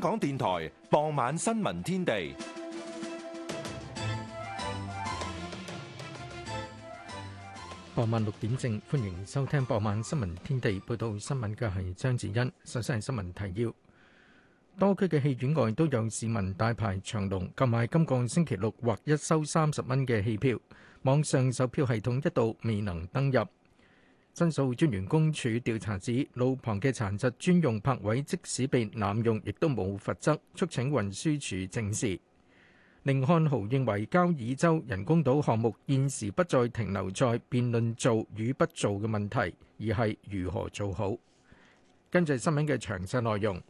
香港電台傍晚新聞天地，傍晚六點正歡迎收聽傍晚新聞天地。報道新聞嘅係張子欣。首先係新聞提要：多區嘅戲院外都有市民大排長龍，購買今個星期六或一售三十蚊嘅戲票。網上售票系統一度未能登入。申訴專員公署調查指，路旁嘅殘疾專用泊位即使被濫用，亦都冇罰則。促請運輸署正視。寧漢豪認為，交椅洲人工島項目現時不再停留在辯論做與不做嘅問題，而係如何做好。跟住新聞嘅詳細內容。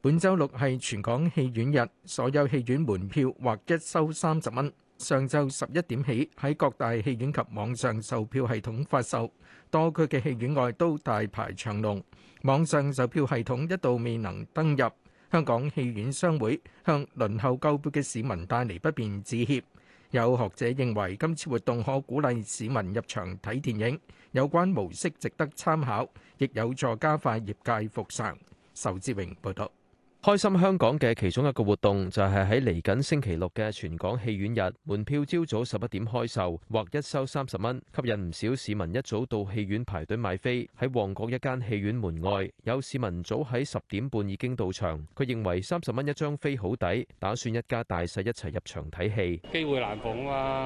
本周六係全港戲院日，所有戲院門票劃一收三十蚊。上晝十一點起喺各大戲院及網上售票系統發售，多區嘅戲院外都大排長龍，網上售票系統一度未能登入。香港戲院商會向輪候購票嘅市民帶嚟不便致歉。有學者認為今次活動可鼓勵市民入場睇電影，有關模式值得參考，亦有助加快業界復常。仇志榮報道。開心香港嘅其中一個活動就係喺嚟緊星期六嘅全港戲院日，門票朝早十一點開售，劃一收三十蚊，吸引唔少市民一早到戲院排隊買飛。喺旺角一間戲院門外，有市民早喺十點半已經到場。佢認為三十蚊一張飛好抵，打算一家大細一齊入場睇戲。機會難逢啊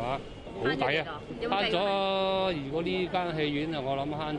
嘛，係嘛好抵啊，慳咗。如果呢間戲院啊，我諗慳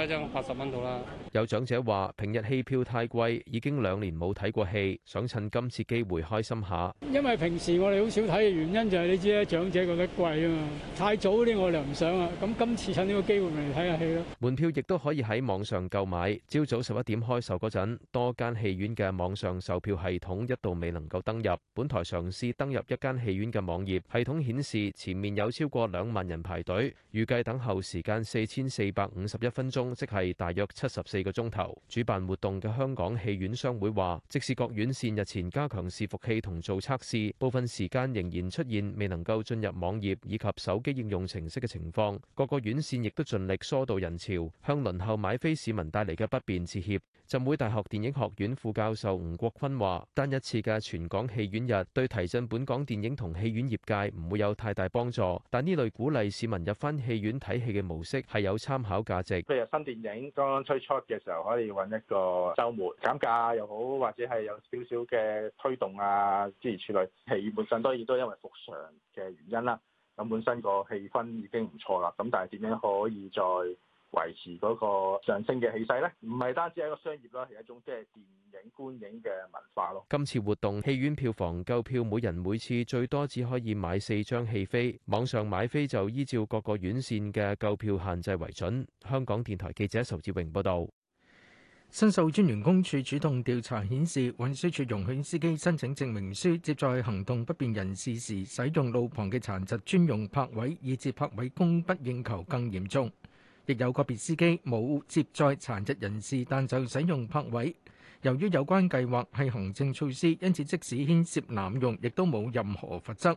咗一張八十蚊度啦。有長者話：平日戲票太貴，已經。兩年冇睇過戲，想趁今次機會開心下。因為平時我哋好少睇嘅原因就係你知啦，長者覺得貴啊嘛，太早啲我哋唔想啊。咁今次趁呢個機會嚟睇下戲咯。門票亦都可以喺網上購買。朝早十一點開售嗰陣，多間戲院嘅網上售票系統一度未能夠登入。本台嘗試登入一間戲院嘅網頁，系統顯示前面有超過兩萬人排隊，預計等候時間四千四百五十一分鐘，即係大約七十四個鐘頭。主辦活動嘅香港戲院。商會話，即使各院線日前加強伺服器同做測試，部分時間仍然出現未能夠進入網頁以及手機應用程式嘅情況。各個院線亦都盡力疏導人潮，向輪候買飛市民帶嚟嘅不便致歉。浸會大學電影學院副教授吳國坤話，單一次嘅全港戲院日，對提振本港電影同戲院業界唔會有太大幫助，但呢類鼓勵市民入翻戲院睇戲嘅模式係有參考價值。譬如新電影剛剛推出嘅時候，可以搵一個週末減價又好，或者係有少少嘅推動啊，諸如此類。戲本身當然都因為復常嘅原因啦，咁本身個氣氛已經唔錯啦，咁但係點樣可以再維持嗰個上升嘅氣勢呢，唔係單止係一個商業咯，係一種即係電影觀影嘅文化咯。今次活動戲院票房購票每人每次最多只可以買四張戲飛，網上買飛就依照各個院線嘅購票限制為準。香港電台記者仇志榮報道。申訴專員公署主動調查顯示，運輸署容許司機申請證明書，接載行動不便人士時使用路旁嘅殘疾專用泊位，以至泊位供不應求更嚴重。亦有個別司機冇接載殘疾人士，但就使用泊位。由於有關計劃係行政措施，因此即使牽涉濫用，亦都冇任何罰則。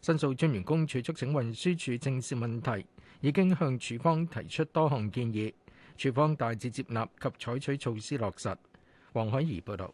申訴專員公署促請運輸署正視問題，已經向署方提出多項建議，署方大致接納及採取措施落實。黃海怡報導。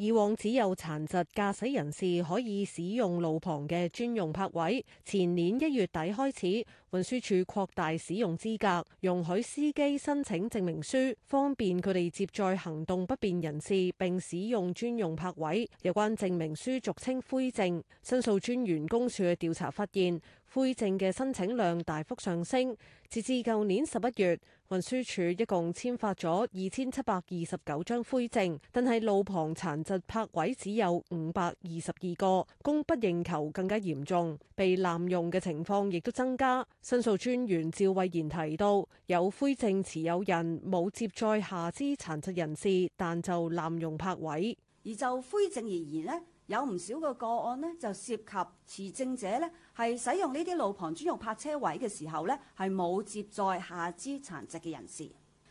以往只有殘疾駕駛人士可以使用路旁嘅專用泊位。前年一月底開始，運輸署擴大使用資格，容許司機申請證明書，方便佢哋接載行動不便人士並使用專用泊位。有關證明書俗稱灰證，申訴專員公署嘅調查發現，灰證嘅申請量大幅上升，截至舊年十一月，運輸署一共簽發咗二千七百二十九張灰證，但係路旁殘疾泊位只有五百二十二個，供不應求更加嚴重。被濫用嘅情況亦都增加。申訴專員趙慧賢提到，有灰證持有人冇接載下肢殘疾人士，但就濫用泊位。而就灰證而言咧，有唔少嘅個、個案咧就涉及持證者咧，係使用呢啲路旁專用泊車位嘅時候呢，係冇接載下肢殘疾嘅人士，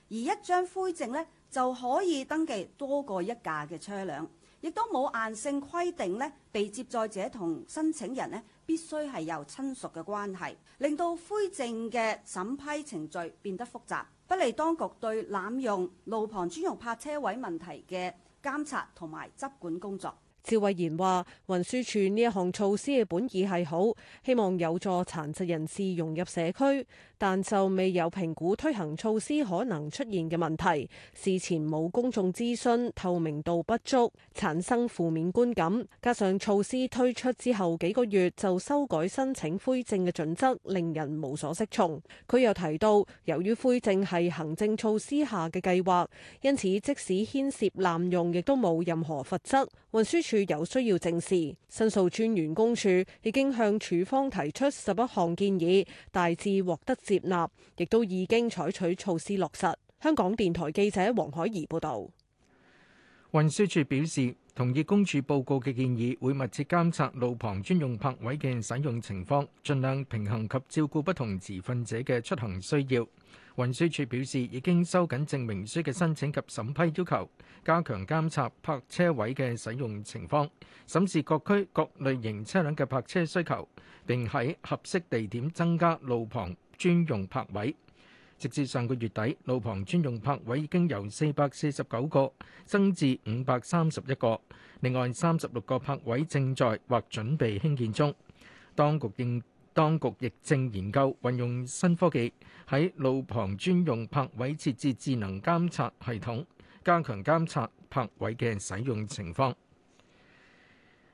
而一張灰證呢，就可以登記多過一架嘅車輛，亦都冇硬性規定呢，被接載者同申請人呢必須係有親屬嘅關係，令到灰證嘅審批程序變得複雜，不利當局對濫用路旁專用泊車位問題嘅監察同埋執管工作。趙慧賢話：運輸處呢一項措施嘅本意係好，希望有助殘疾人士融入社區。但就未有評估推行措施可能出現嘅問題，事前冇公眾諮詢，透明度不足，產生負面觀感。加上措施推出之後幾個月就修改申請灰證嘅準則，令人無所適從。佢又提到，由於灰證係行政措施下嘅計劃，因此即使牽涉濫用，亦都冇任何罰則。運輸署有需要正視。申訴專員公署已經向署方提出十一項建議，大致獲得。接納，亦都已經採取措施落實。香港電台記者黃海怡報道。運輸署表示，同意公署報告嘅建議，會密切監察路旁專用泊位嘅使用情況，盡量平衡及照顧不同持份者嘅出行需要。運輸署表示，已經收緊證明書嘅申請及審批要求，加強監察泊車位嘅使用情況，審視各區各類型車輛嘅泊車需求，並喺合適地點增加路旁專用泊位，直至上個月底，路旁專用泊位已經由四百四十九個增至五百三十一個。另外，三十六個泊位正在或準備興建中。當局應當局亦正研究運用新科技，喺路旁專用泊位設置智能監察系統，加強監察泊位嘅使用情況。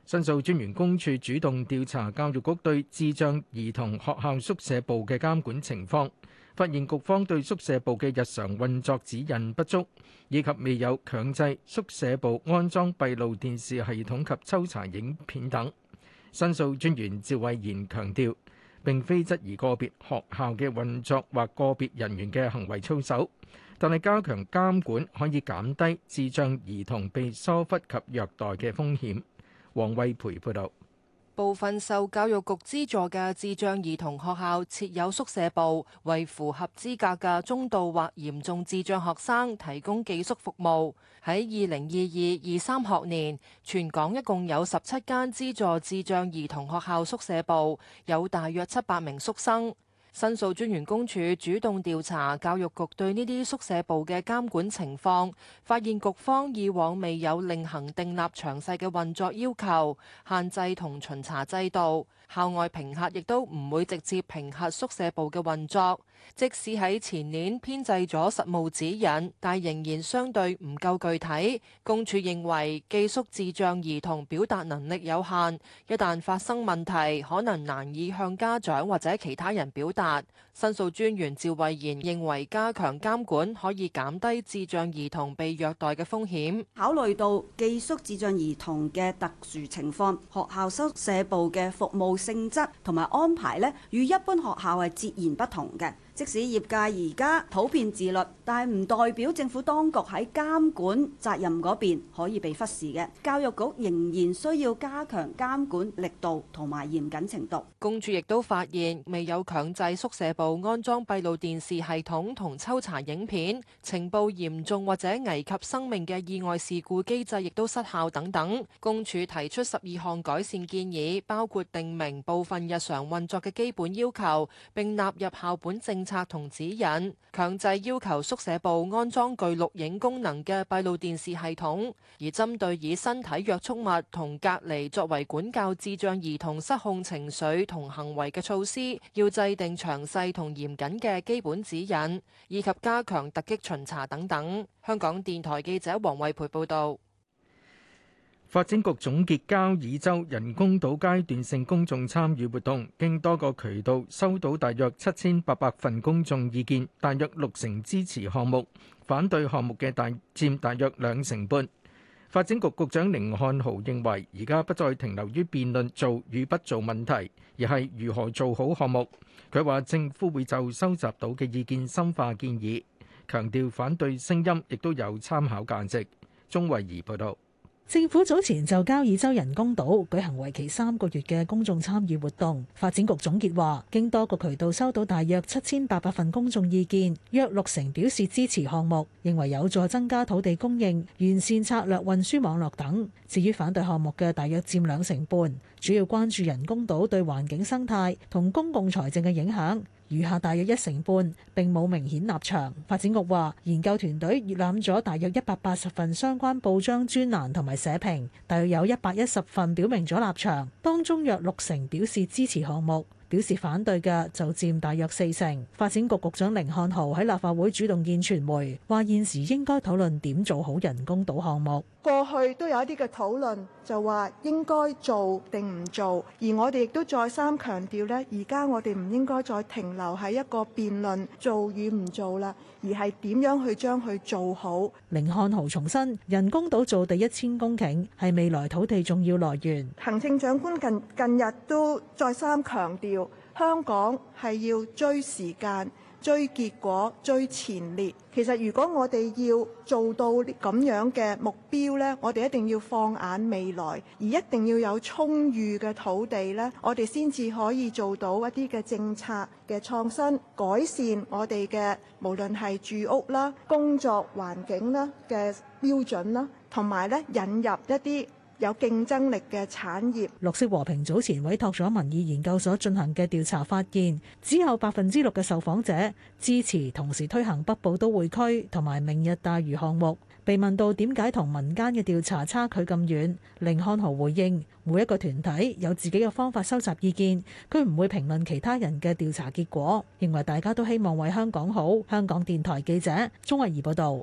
申訴專員公署主動調查教育局對智障兒童學校宿舍部嘅監管情況，發現局方對宿舍部嘅日常運作指引不足，以及未有強制宿舍部安裝閉路電視系統及抽查影片等。申訴專員趙慧賢強調，並非質疑個別學校嘅運作或個別人員嘅行為操守，但係加強監管可以減低智障兒童被疏忽及虐待嘅風險。黃惠培報道：部分受教育局資助嘅智障兒童學校設有宿舍部，為符合資格嘅中度或嚴重智障學生提供寄宿服務。喺二零二二二三學年，全港一共有十七間資助智障兒童學校宿舍部，有大約七百名宿生。申訴專員公署主動調查教育局對呢啲宿舍部嘅監管情況，發現局方以往未有另行訂立詳細嘅運作要求、限制同巡查制度，校外評核亦都唔會直接評核宿舍部嘅運作。即使喺前年編制咗實務指引，但仍然相對唔夠具體。公署認為寄宿智障兒童表達能力有限，一旦發生問題，可能難以向家長或者其他人表達。申訴專員趙慧賢認為，加強監管可以減低智障兒童被虐待嘅風險。考慮到寄宿智障兒童嘅特殊情況，學校宿舍部嘅服務性質同埋安排呢，與一般學校係截然不同嘅。即使業界而家普遍自律，但係唔代表政府當局喺監管責任嗰邊可以被忽視嘅。教育局仍然需要加強監管力度同埋嚴謹程度。公署亦都發現未有強制宿舍部安裝閉路電視系統同抽查影片，情報嚴重或者危及生命嘅意外事故機制亦都失效等等。公署提出十二項改善建議，包括訂明部分日常運作嘅基本要求，並納入校本政策同指引，強制要求宿舍部安裝，具錄影功能嘅閉路電視系統，而針對以身體約束物同隔離作為管教智障兒童失控情緒同行為嘅措施，要制定詳細同嚴謹嘅基本指引，以及加強突擊巡查等等。香港電台記者黃慧培報道。發展局總結，交椅洲人工島階段性公眾參與活動，經多個渠道收到大約七千八百份公眾意見，大約六成支持項目，反對項目嘅大佔大約兩成半。發展局局長寧漢豪認為，而家不再停留於辯論做與不做問題，而係如何做好項目。佢話：政府會就收集到嘅意見深化建議，強調反對聲音亦都有參考價值。鐘慧儀報道。政府早前就交椅洲人工島舉行為期三個月嘅公眾參與活動，發展局總結話，經多個渠道收到大約七千八百份公眾意見，約六成表示支持項目，認為有助增加土地供應、完善策略運輸網絡等。至於反對項目嘅大約佔兩成半，主要關注人工島對環境生態同公共財政嘅影響。餘下大約一成半並冇明顯立場。發展局話，研究團隊閱覽咗大約一百八十份相關報章專欄同埋社評，大約有一百一十份表明咗立場，當中約六成表示支持項目，表示反對嘅就佔大約四成。發展局局長甯漢豪喺立法會主動見傳媒，話現時應該討論點做好人工島項目。過去都有一啲嘅討論。就話應該做定唔做，而我哋亦都再三強調呢，而家我哋唔應該再停留喺一個辯論做與唔做啦，而係點樣去將佢做好。寧漢豪重申人工島做第一千公頃係未來土地重要來源。行政長官近近日都再三強調，香港係要追時間。追結果、追前列，其實如果我哋要做到咁樣嘅目標，呢我哋一定要放眼未來，而一定要有充裕嘅土地，呢我哋先至可以做到一啲嘅政策嘅創新、改善我哋嘅無論係住屋啦、工作環境啦嘅標準啦，同埋呢引入一啲有競爭力嘅產業。綠色和平早前委託咗民意研究所進行嘅調查發現，只有百分之六嘅受訪者支持同時推行北部都會區同埋明日大嶼項目。被問到點解同民間嘅調查差距咁遠，甯漢豪回應：每一個團體有自己嘅方法收集意見，佢唔會評論其他人嘅調查結果。認為大家都希望為香港好。香港電台記者鍾慧儀報道。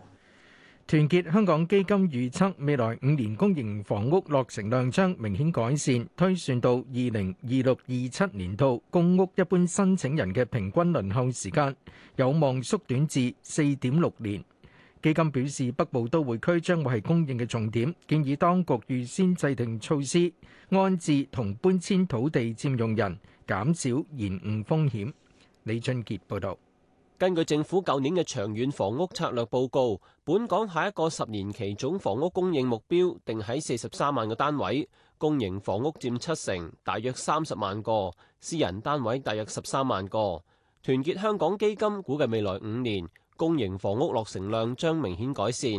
團結香港基金預測，未來五年公營房屋落成量將明顯改善，推算到二零二六、二七年度，公屋一般申請人嘅平均輪候時間有望縮短至四點六年。基金表示，北部都會區將會係供應嘅重點，建議當局預先制定措施，安置同搬遷土地佔用人，減少延誤風險。李俊杰報道。根據政府舊年嘅長遠房屋策略報告，本港下一個十年期總房屋供應目標定喺四十三萬個單位，公營房屋佔七成，大約三十萬個；私人單位大約十三萬個。團結香港基金估計未來五年公營房屋落成量將明顯改善，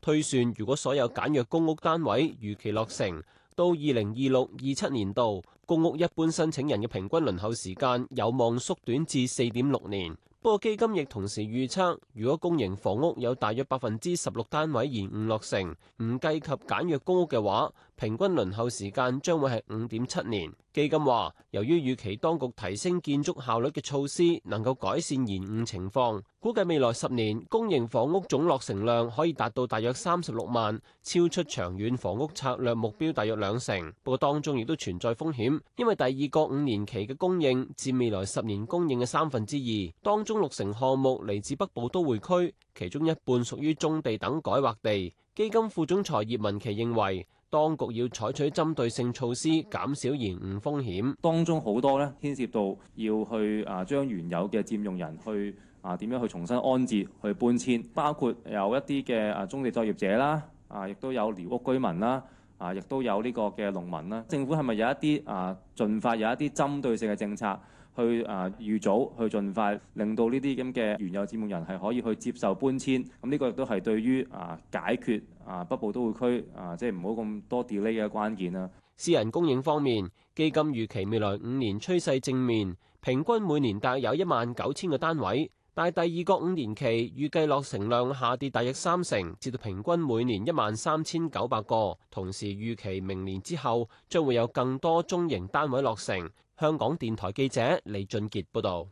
推算如果所有簡約公屋單位如期落成，到二零二六、二七年度，公屋一般申請人嘅平均輪候時間有望縮短至四點六年。不過基金亦同時預測，如果公營房屋有大約百分之十六單位延誤落成，唔計及簡約公屋嘅話，平均輪候時間將會係五點七年。基金話，由於預期當局提升建築效率嘅措施能夠改善延誤情況，估計未來十年公營房屋總落成量可以達到大約三十六萬，超出長遠房屋策略目標大約兩成。不過當中亦都存在風險，因為第二個五年期嘅供應佔未來十年供應嘅三分之二，當中六成項目嚟自北部都會區，其中一半屬於中地等改劃地。基金副總裁葉文琪認為。當局要採取針對性措施，減少延誤風險。當中好多咧牽涉到要去啊，將原有嘅佔用人去啊，點樣去重新安置、去搬遷，包括有一啲嘅啊，棕地作業者啦，啊，亦都有寮屋居民啦，啊，亦都有呢個嘅農民啦、啊。政府係咪有一啲啊，盡快有一啲針對性嘅政策去啊，預早去盡快令到呢啲咁嘅原有佔用人係可以去接受搬遷？咁呢個亦都係對於啊解決。啊，北部都會區啊，即係唔好咁多 delay 嘅關鍵啦。私人供應方面，基金預期未來五年趨勢正面，平均每年大約有一萬九千個單位，但第二個五年期預計落成量下跌大約三成，至到平均每年一萬三千九百個。同時預期明年之後將會有更多中型單位落成。香港電台記者李俊傑報導。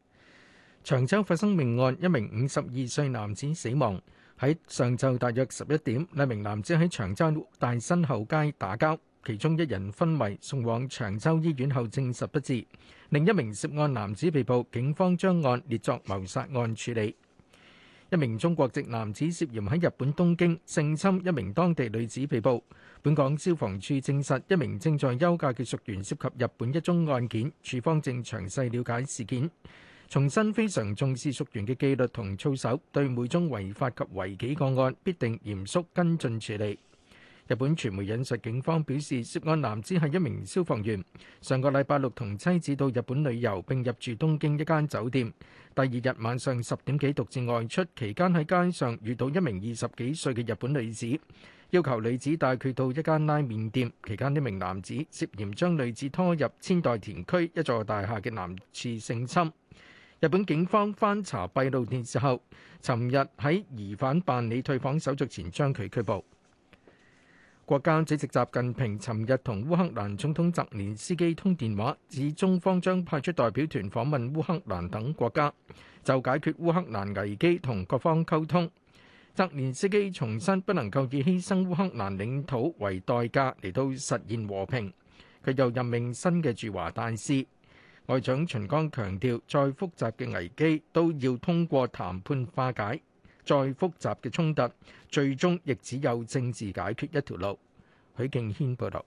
長洲發生命案，一名五十二歲男子死亡。喺上晝大約十一點，兩名男子喺長洲大新後街打交，其中一人昏迷，送往長洲醫院後證實不治。另一名涉案男子被捕，警方將案列作謀殺案處理。一名中國籍男子涉嫌喺日本東京性侵一名當地女子被捕。本港消防處證實，一名正在休假嘅屬員涉及日本一宗案件，處方正詳細了解事件。重新非常重視屬員嘅紀律同操守，對每宗違法及違紀個案必定嚴肅跟進處理。日本傳媒引述警方表示，涉案男子係一名消防員，上個禮拜六同妻子到日本旅遊，並入住東京一間酒店。第二日晚上十點幾獨自外出期間喺街上遇到一名二十幾歲嘅日本女子，要求女子帶佢到一間拉麵店。期間一名男子涉嫌將女子拖入千代田區一座大廈嘅男廁性侵。日本警方翻查閉路電視後，尋日喺疑犯辦理退房手續前將佢拘捕。國家主席習近平尋日同烏克蘭總統澤連斯基通電話，指中方將派出代表團訪問烏克蘭等國家，就解決烏克蘭危機同各方溝通。澤連斯基重申不能夠以犧牲烏克蘭領土為代價嚟到實現和平，佢又任命新嘅駐華大使。外長秦剛強調，再複雜嘅危機都要通過談判化解，再複雜嘅衝突最終亦只有政治解決一條路。許敬軒報導。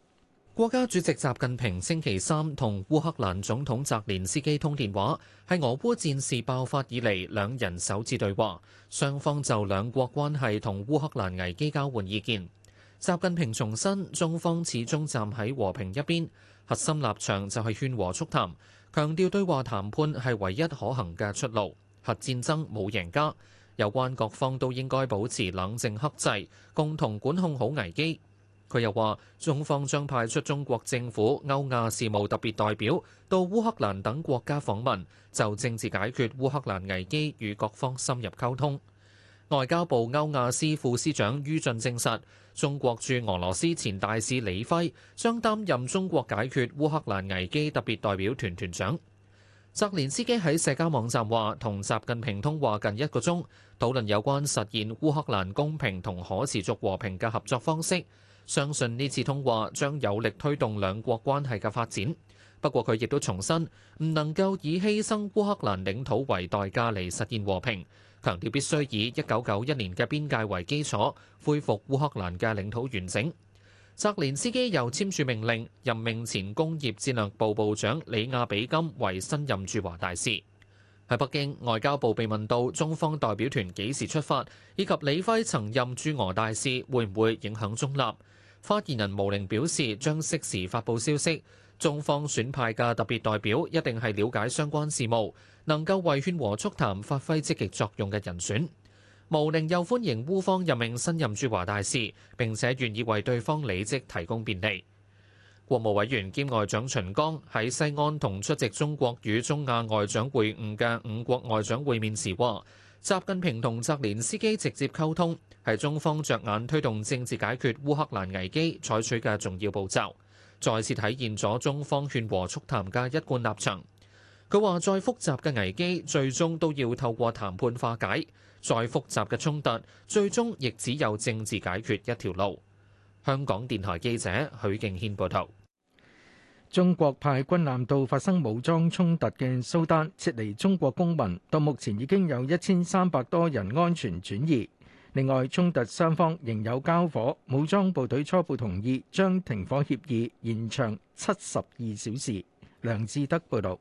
國家主席習近平星期三同烏克蘭總統澤連斯基通電話，係俄烏戰事爆發以嚟兩人首次對話，雙方就兩國關係同烏克蘭危機交換意見。習近平重申，中方始終站喺和平一邊，核心立場就係勸和促談。強調對話談判係唯一可行嘅出路，核戰爭冇贏家，有關各方都應該保持冷靜克制，共同管控好危機。佢又話，中方將派出中國政府歐亞事務特別代表到烏克蘭等國家訪問，就政治解決烏克蘭危機與各方深入溝通。外交部歐亞司副司長于俊證實。中國駐俄羅斯前大使李輝將擔任中國解決烏克蘭危機特別代表團團長。澤連斯基喺社交網站話，同習近平通話近一個鐘，討論有關實現烏克蘭公平同可持續和平嘅合作方式。相信呢次通話將有力推動兩國關係嘅發展。不過佢亦都重申，唔能夠以犧牲烏克蘭領土為代價嚟實現和平。強調必須以一九九一年嘅邊界為基礎，恢復烏克蘭嘅領土完整。澤連斯基又簽署命令，任命前工業戰略部部長李亞比金為新任駐華大使。喺北京，外交部被問到中方代表團幾時出發，以及李輝曾任駐俄大使會唔會影響中立？發言人毛寧表示，將適時發布消息。中方選派嘅特別代表一定係了解相關事務能夠為勸和促談發揮積極作用嘅人選，毛寧又歡迎烏方任命新任駐華大使，並且願意為對方履職提供便利。國務委員兼外長秦剛喺西安同出席中國與中亞外長會晤嘅五國外長會面時話：習近平同澤連斯基直接溝通，係中方着眼推動政治解決烏克蘭危機採取嘅重要步驟，再次體現咗中方勸和促談嘅一貫立場。佢話：再複雜嘅危機，最終都要透過談判化解；再複雜嘅衝突，最終亦只有政治解決一條路。香港電台記者許敬軒報道。中國派軍艦到發生武裝衝突嘅蘇丹撤離中國公民，到目前已經有一千三百多人安全轉移。另外，衝突雙方仍有交火，武裝部隊初步同意將停火協議延長七十二小時。梁志德報道。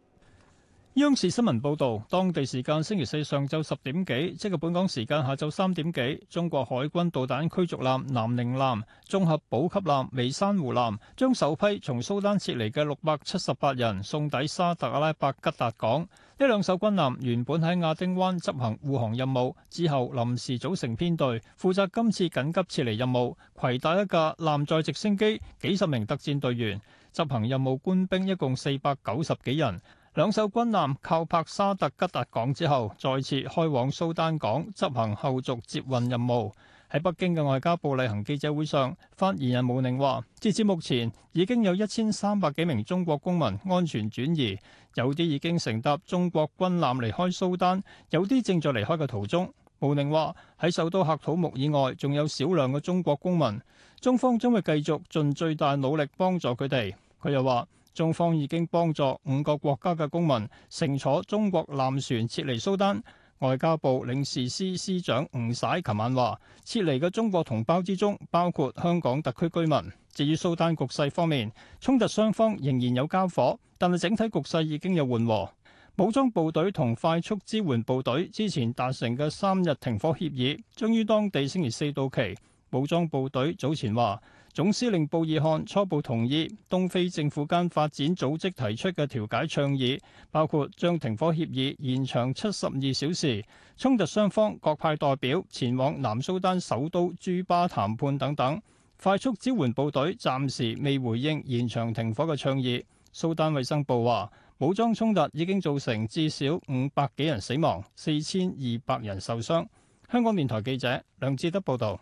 央視新聞報道，當地時間星期四上晝十點幾，即係本港時間下晝三點幾，中國海軍導彈驅逐艦南寧艦、綜合補給艦微山湖艦將首批從蘇丹撤離嘅六百七十八人送抵沙特阿拉伯吉達港。呢兩艘軍艦原本喺亞丁灣執行護航任務，之後臨時組成編隊，負責今次緊急撤離任務，携帶一架艦載直升機，幾十名特戰隊員，執行任務官兵一共四百九十幾人。兩艘軍艦靠泊沙特吉達港之後，再次開往蘇丹港執行後續接運任務。喺北京嘅外交部例行記者會上，發言人毛寧話，截至目前已經有一千三百幾名中國公民安全轉移，有啲已經乘搭中國軍艦離開蘇丹，有啲正在離開嘅途中。毛寧話：喺首都喀土穆以外，仲有少量嘅中國公民，中方將會繼續盡最大努力幫助佢哋。佢又話。中方已經幫助五個國家嘅公民乘坐中國艦船撤離蘇丹。外交部領事司司長吳璽琴晚話，撤離嘅中國同胞之中包括香港特區居民。至於蘇丹局勢方面，衝突雙方仍然有交火，但係整體局勢已經有緩和。武裝部隊同快速支援部隊之前達成嘅三日停火協議，將於當地星期四到期。武裝部隊早前話。總司令布爾漢初步同意東非政府間發展組織提出嘅調解倡議，包括將停火協議延長七十二小時、衝突雙方各派代表前往南蘇丹首都朱巴談判等等。快速支援部隊暫時未回應延長停火嘅倡議。蘇丹衛生部話，武裝衝突已經造成至少五百幾人死亡、四千二百人受傷。香港電台記者梁志德報道。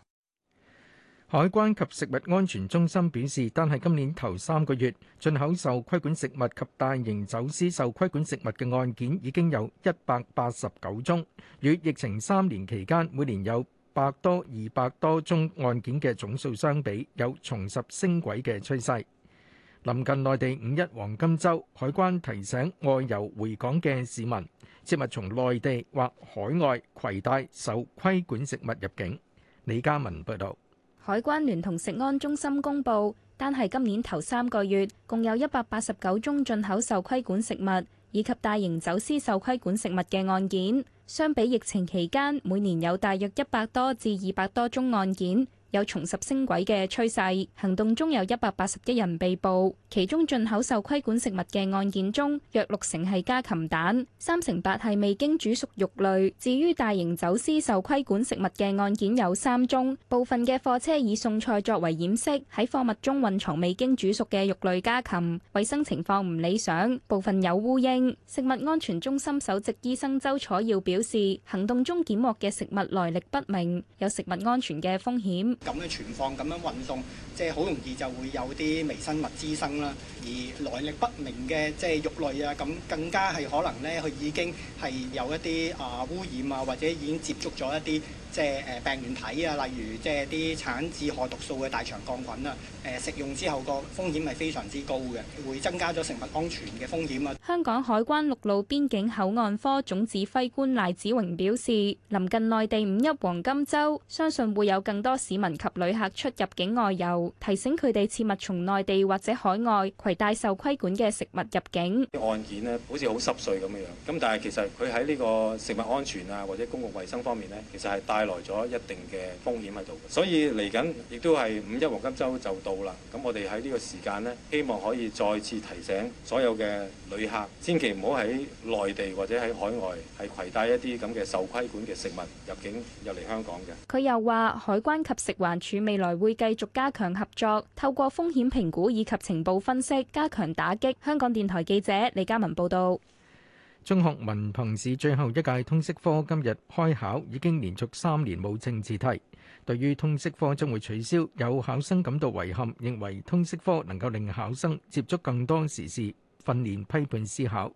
海關及食物安全中心表示，但係今年頭三個月，進口受規管食物及大型走私受規管食物嘅案件已經有一百八十九宗，與疫情三年期間每年有百多二百多宗案件嘅總數相比，有重拾升軌嘅趨勢。臨近內地五一黃金周，海關提醒外遊回港嘅市民切勿從內地或海外攜帶受規管食物入境。李嘉文報道。海關聯同食安中心公布，單係今年頭三個月，共有一百八十九宗進口受規管食物以及大型走私受規管食物嘅案件，相比疫情期間，每年有大約一百多至二百多宗案件，有重拾升軌嘅趨勢。行動中有一百八十一人被捕，其中進口受規管食物嘅案件中，約六成係家禽蛋，三成八係未經煮熟肉類。至於大型走私受規管食物嘅案件有三宗，部分嘅貨車以餸菜作為掩飾，喺貨物中運藏未經煮熟嘅肉類家禽，衛生情況唔理想，部分有烏蠅。食物安全中心首席醫生周楚耀表示，行動中檢獲嘅食物來歷不明，有食物安全嘅風險。咁樣存放、咁樣運動，即係好容易就會有啲微生物滋生啦。而來歷不明嘅，即係肉類啊，咁更加係可能咧，佢已經係有一啲啊污染，啊，或者已經接觸咗一啲即係誒病原體啊，例如即係啲產自害毒素嘅大腸桿菌啦。誒，食用之後個風險係非常之高嘅，會增加咗食物安全嘅風險啊。香港海關陸路邊境口岸科總指揮官賴子榮表示，臨近內地五一黃金周，相信會有更多市民。及旅客出入境外遊，提醒佢哋切勿從內地或者海外攜帶受規管嘅食物入境。啲案件呢，好似好濕碎咁樣樣，咁但係其實佢喺呢個食物安全啊，或者公共衛生方面呢，其實係帶來咗一定嘅風險喺度。所以嚟緊亦都係五一黃金周就到啦，咁我哋喺呢個時間呢，希望可以再次提醒所有嘅旅客，千祈唔好喺內地或者喺海外係攜帶一啲咁嘅受規管嘅食物入境入嚟香港嘅。佢又話海關及食。環處未來會繼續加強合作，透過風險評估以及情報分析，加強打擊。香港電台記者李嘉文報道。中學文憑試最後一屆通識科今日開考，已經連續三年冇政治題。對於通識科將會取消，有考生感到遺憾，認為通識科能夠令考生接觸更多時事，訓練批判思考。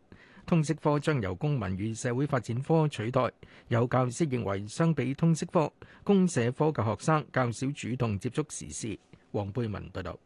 通識科將由公民與社會發展科取代，有教師認為相比通識科，公社科嘅學生較少主動接觸時事。黃貝文報道。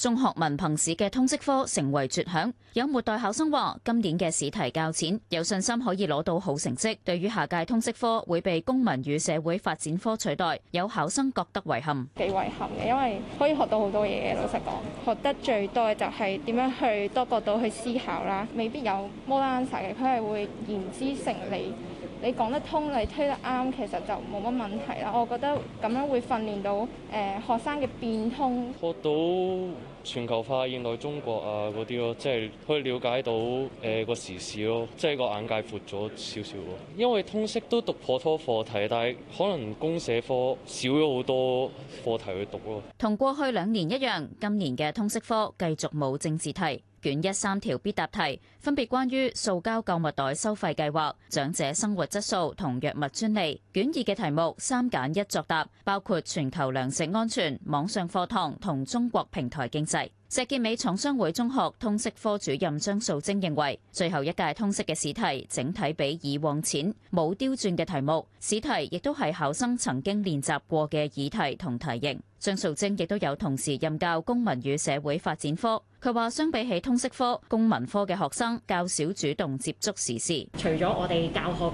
中學文憑試嘅通識科成為絕響，有末代考生話今年嘅試題較淺，有信心可以攞到好成績。對於下屆通識科會被公民與社會發展科取代，有考生覺得遺憾。幾遺憾嘅，因為可以學到好多嘢嘅。老實講，學得最多嘅就係點樣去多角度去思考啦。未必有摩 o d 嘅，佢係會言之成理，你講得通，你推得啱，其實就冇乜問題啦。我覺得咁樣會訓練到誒、呃、學生嘅變通，學到。全球化、現代中國啊嗰啲咯，即係可以瞭解到誒個時事咯，即係個眼界闊咗少少咯。因為通識都讀頗多課題，但係可能公社科少咗好多課題去讀咯。同過去兩年一樣，今年嘅通識科繼續冇政治題，卷一三條必答題分別關於塑膠購物袋收費計劃、長者生活質素同藥物專利。卷二嘅題目三揀一作答，包括全球糧食安全、網上課堂同中國平台競。石硤尾廠商會中學通識科主任張素貞認為，最後一屆通識嘅試題整體比以往淺，冇刁鑽嘅題目，試題亦都係考生曾經練習過嘅議題同題型。張素貞亦都有同時任教公民與社會發展科，佢話相比起通識科，公民科嘅學生較少主動接觸時事。除咗我哋教學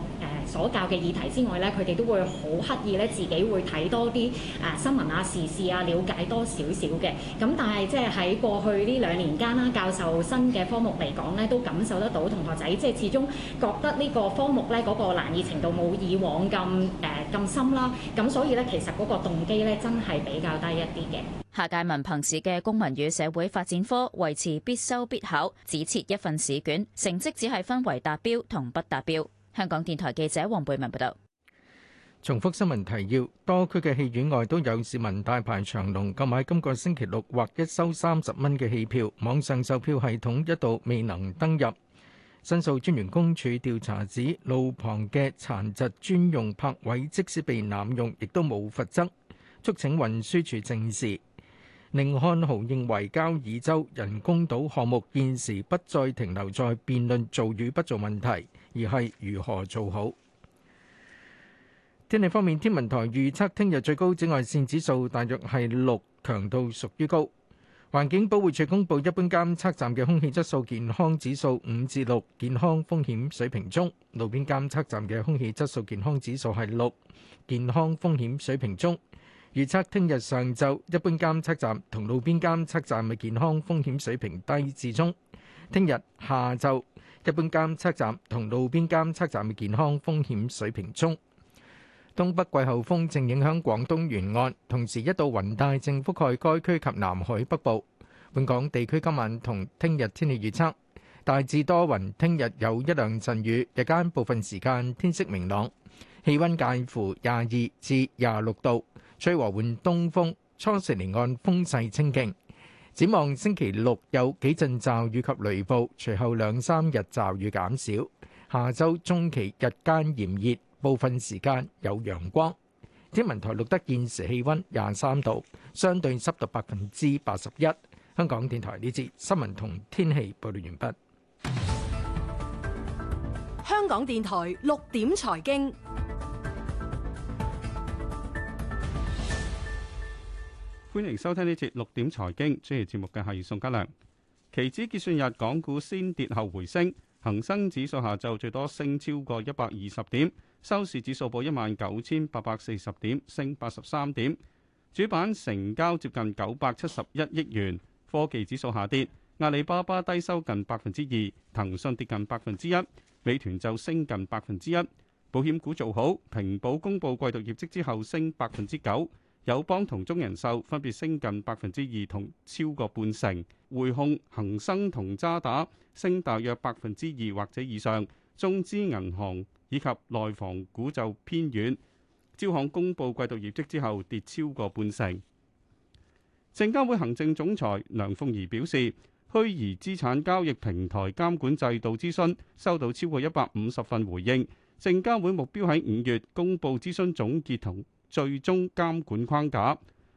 所教嘅議題之外咧，佢哋都會好刻意咧，自己會睇多啲誒新聞啊、時事啊，了解多少少嘅。咁但係即係喺過去呢兩年間啦，教授新嘅科目嚟講咧，都感受得到同學仔即係始終覺得呢個科目咧，嗰個難易程度冇以往咁誒咁深啦。咁所以咧，其實嗰個動機咧，真係比較低一啲嘅。下屆文憑試嘅公民與社會發展科維持必修必考，只設一份試卷，成績只係分為達標同不達標。香港電台記者黃貝文報道。重複新聞提要：多區嘅戲院外都有市民大排長龍購買今個星期六或一收三十蚊嘅戲票。網上售票系統一度未能登入。申訴專員公署調查指，路旁嘅殘疾專用泊位即使被濫用，亦都冇罰則，促請運輸處正視。寧漢豪認為，交椅洲人工島項目現時不再停留在辯論做與不做問題，而係如何做好？天氣方面，天文台預測聽日最高紫外線指數大約係六，強度屬於高。環境保護署公布一般監測站嘅空氣質素健康指數五至六，健康風險水平中；路邊監測站嘅空氣質素健康指數係六，健康風險水平中。預測聽日上晝一般監測站同路邊監測站嘅健康風險水平低至中。聽日下晝，一般監測站同路邊監測站嘅健康風險水平中。東北季候風正影響廣東沿岸，同時一道雲帶正覆蓋該區及南海北部。本港地區今晚同聽日天氣預測大致多雲，聽日有一兩陣雨，日間部分時間天色明朗，氣温介乎廿二至廿六度，吹和緩東風，初時離岸風勢清勁。展望星期六有幾陣驟雨及雷暴，隨後兩三日驟雨減少。下週中期日間炎熱，部分時間有陽光。天文台錄得現時氣溫廿三度，相對濕度百分之八十一。香港電台呢節新聞同天氣報道完畢。香港電台六點財經。歡迎收聽呢節六點財經，主持節目嘅係宋嘉良。期指結算日，港股先跌後回升，恒生指數下晝最多升超過一百二十點，收市指數報一萬九千八百四十點，升八十三點。主板成交接近九百七十一億元。科技指數下跌，阿里巴巴低收近百分之二，騰訊跌近百分之一，美團就升近百分之一。保險股做好，平保公布季度業績之後升百分之九。友邦同中人壽分別升近百分之二同超過半成，匯控、恒生同渣打升大約百分之二或者以上，中資銀行以及內房股就偏軟。招行公佈季度業績之後，跌超過半成。證監會行政總裁梁鳳儀表示，虛擬資產交易平台監管制度諮詢收到超過一百五十份回應，證監會目標喺五月公佈諮詢總結同最終監管框架。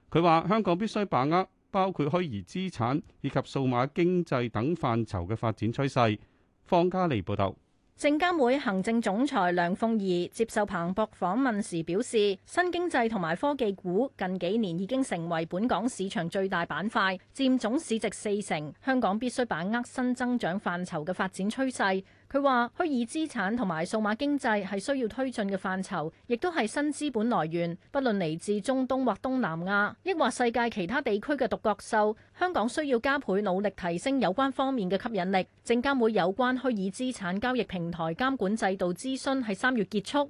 佢話：香港必須把握包括虛擬資產以及數碼經濟等範疇嘅發展趨勢。方嘉利報導。證監會行政總裁梁鳳儀接受彭博訪問時表示，新經濟同埋科技股近幾年已經成為本港市場最大板塊，佔總市值四成。香港必須把握新增長範疇嘅發展趨勢。佢話：虛擬資產同埋數碼經濟係需要推進嘅範疇，亦都係新資本來源，不論嚟自中東或東南亞，抑或世界其他地區嘅獨角獸。香港需要加倍努力提升有關方面嘅吸引力。證監會有關虛擬資產交易平台監管制度諮詢喺三月結束。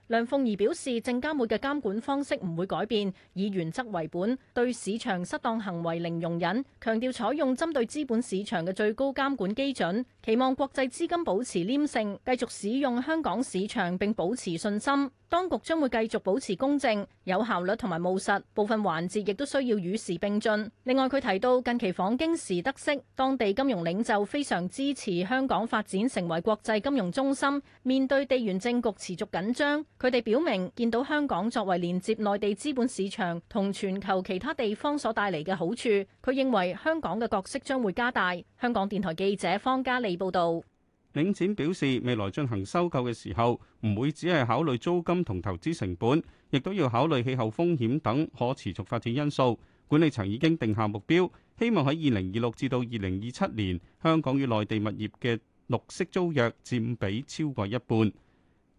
梁鳳儀表示，證監會嘅監管方式唔會改變，以原則為本，對市場失當行為零容忍，強調採用針對資本市場嘅最高監管基準，期望國際資金保持黏性，繼續使用香港市場，並保持信心。當局將會繼續保持公正、有效率同埋務實，部分環節亦都需要與時並進。另外，佢提到近期訪京時得悉，當地金融領袖非常支持香港發展成為國際金融中心。面對地緣政局持續緊張，佢哋表明見到香港作為連接內地資本市場同全球其他地方所帶嚟嘅好處。佢認為香港嘅角色將會加大。香港電台記者方嘉莉報道。領展表示，未來進行收購嘅時候，唔會只係考慮租金同投資成本，亦都要考慮氣候風險等可持續發展因素。管理層已經定下目標，希望喺二零二六至到二零二七年，香港與內地物業嘅綠色租約佔比超過一半。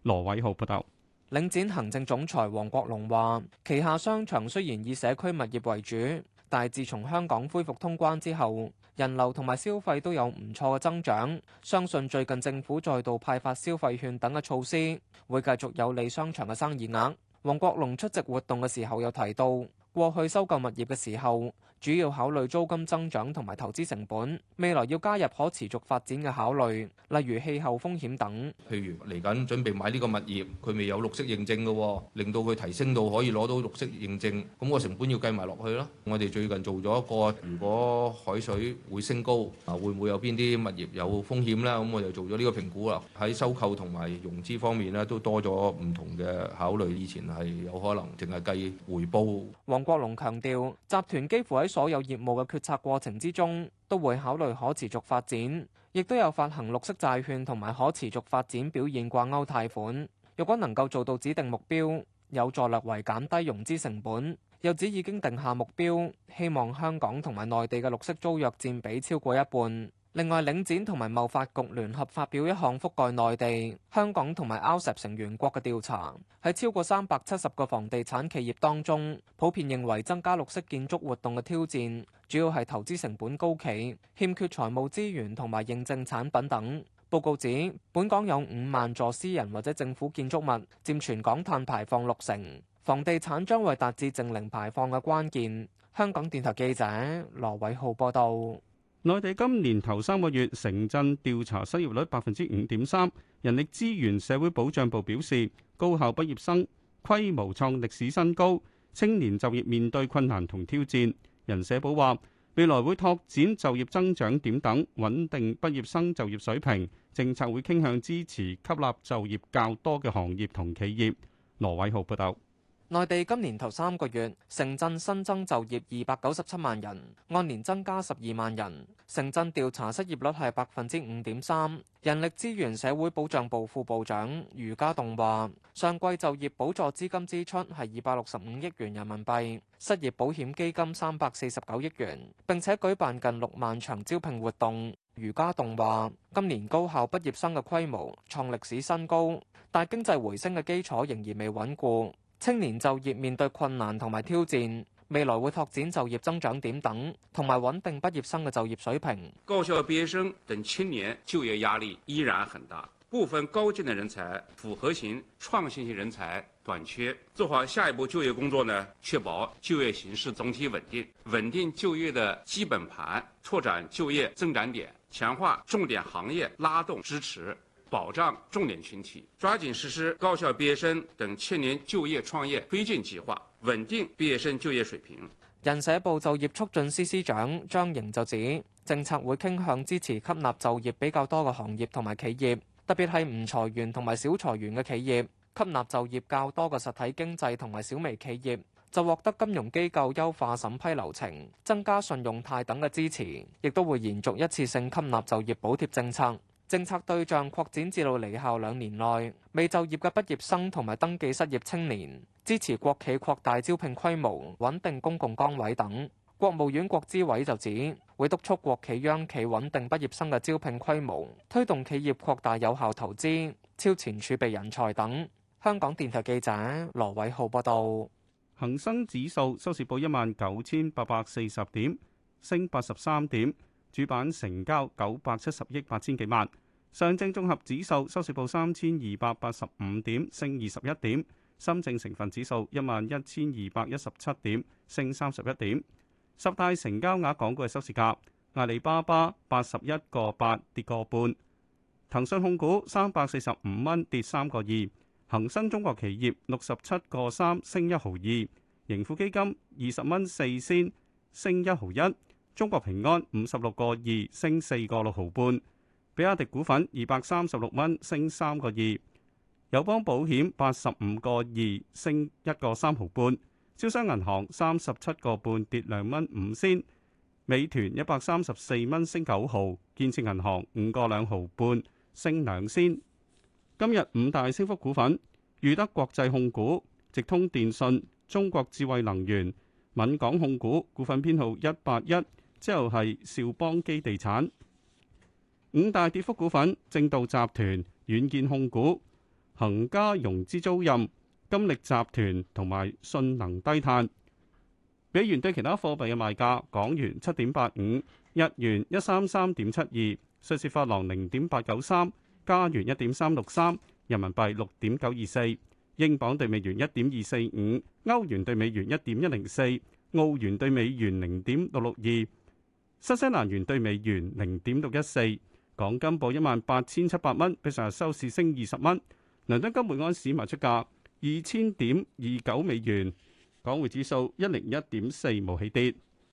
羅偉浩報道。領展行政總裁王國龍話，旗下商場雖然以社區物業為主。但係，自從香港恢復通關之後，人流同埋消費都有唔錯嘅增長。相信最近政府再度派發消費券等嘅措施，會繼續有利商場嘅生意額。王國龍出席活動嘅時候，有提到過去收購物業嘅時候，主要考慮租金增長同埋投資成本，未來要加入可持續發展嘅考慮，例如氣候風險等。譬如嚟緊準備買呢個物業，佢未有綠色認證㗎喎、哦，令到佢提升到可以攞到綠色認證，咁、那個成本要計埋落去咯。我哋最近做咗一個，如果海水會升高啊，會唔會有邊啲物業有風險咧？咁我就做咗呢個評估啦。喺收購同埋融資方面呢，都多咗唔同嘅考慮，以前係有可能淨係計回報。王國龍強調，集團幾乎喺所有業務嘅決策過程之中，都會考慮可持續發展，亦都有發行綠色債券同埋可持續發展表現掛鈎貸款。若果能夠做到指定目標，有助略為減低融資成本。又指已經定下目標，希望香港同埋內地嘅綠色租約佔比超過一半。另外，領展同埋貿發局聯合發表一項覆蓋內地、香港同埋 RCEP 成員國嘅調查，喺超過三百七十個房地產企業當中，普遍認為增加綠色建築活動嘅挑戰，主要係投資成本高企、欠缺財務資源同埋認證產品等。報告指，本港有五萬座私人或者政府建築物，佔全港碳排放六成，房地產將會達至淨零排放嘅關鍵。香港電台記者羅偉浩報道。內地今年頭三個月城鎮調查失業率百分之五點三，人力資源社會保障部表示，高校畢業生規模創歷史新高，青年就業面對困難同挑戰。人社部話，未來會拓展就業增長點等，穩定畢業生就業水平，政策會傾向支持吸納就業較多嘅行業同企業。羅偉浩報道。內地今年頭三個月，城鎮新增就業二百九十七萬人，按年增加十二萬人。城鎮調查失業率係百分之五點三。人力資源社會保障部副部長余家棟話：上季就業補助資金支出係二百六十五億元人民幣，失業保險基金三百四十九億元，並且舉辦近六萬場招聘活動。余家棟話：今年高校畢業生嘅規模創歷史新高，但經濟回升嘅基礎仍然未穩固。青年就業面對困難同埋挑戰，未來會拓展就業增長點等，同埋穩定畢業生嘅就業水平。高校畢業生等青年就業壓力依然很大，部分高技能人才、複合型、創新型人才短缺。做好下一步就業工作呢，確保就業形勢總體穩定，穩定就業的基本盤，拓展就業增長點，強化重點行業拉動支持。保障重點群體，抓緊實施高校畢業生等青年就業創業推進計劃，穩定畢業生就業水平。人社部就業促進司司長張瑩就指，政策會傾向支持吸納就業比較多嘅行業同埋企業，特別係唔裁員同埋少裁員嘅企業，吸納就業較多嘅實體經濟同埋小微企業就獲得金融機構優化審批流程、增加信用貸等嘅支持，亦都會延續一次性吸納就業補貼政策。政策對象擴展至到離校兩年內未就業嘅畢業生同埋登記失業青年，支持國企擴大招聘規模、穩定公共崗位等。國務院國資委就指會督促國企央企穩定畢業生嘅招聘規模，推動企業擴大有效投資、超前儲備人才等。香港電台記者羅偉浩報道。恒生指數收市報一萬九千八百四十點，升八十三點，主板成交九百七十億八千幾萬。上證綜合指數收市報三千二百八十五點，升二十一點；深證成分指數一萬一千二百一十七點，升三十一點。十大成交額港股嘅收市價：阿里巴巴八十一個八跌個半；騰訊控股三百四十五蚊跌三個二；恒生中國企業六十七個三升一毫二；盈富基金二十蚊四仙升一毫一；中國平安五十六個二升四個六毫半。比亞迪股份二百三十六蚊升三個二，友邦保險八十五個二升一個三毫半，招商銀行三十七個半跌兩蚊五仙，美團一百三十四蚊升九毫，建設銀行五個兩毫半升兩仙。今日五大升幅股份：裕德國際控股、直通電訊、中國智慧能源、敏港控股，股份編號一八一，之後係兆邦基地產。五大跌幅股份：正道集團、軟件控股、恆嘉融資租賃、金力集團同埋信能低碳。美元對其他貨幣嘅賣價：港元七點八五，日元一三三點七二，瑞士法郎零點八九三，加元一點三六三，人民幣六點九二四，英鎊對美元一點二四五，歐元對美元一點一零四，澳元對美元零點六六二，新西蘭元對美元零點六一四。港金報一萬八千七百蚊，比上日收市升二十蚊。倫敦金換按市買出價二千點二九美元，港匯指數一零一點四冇起跌。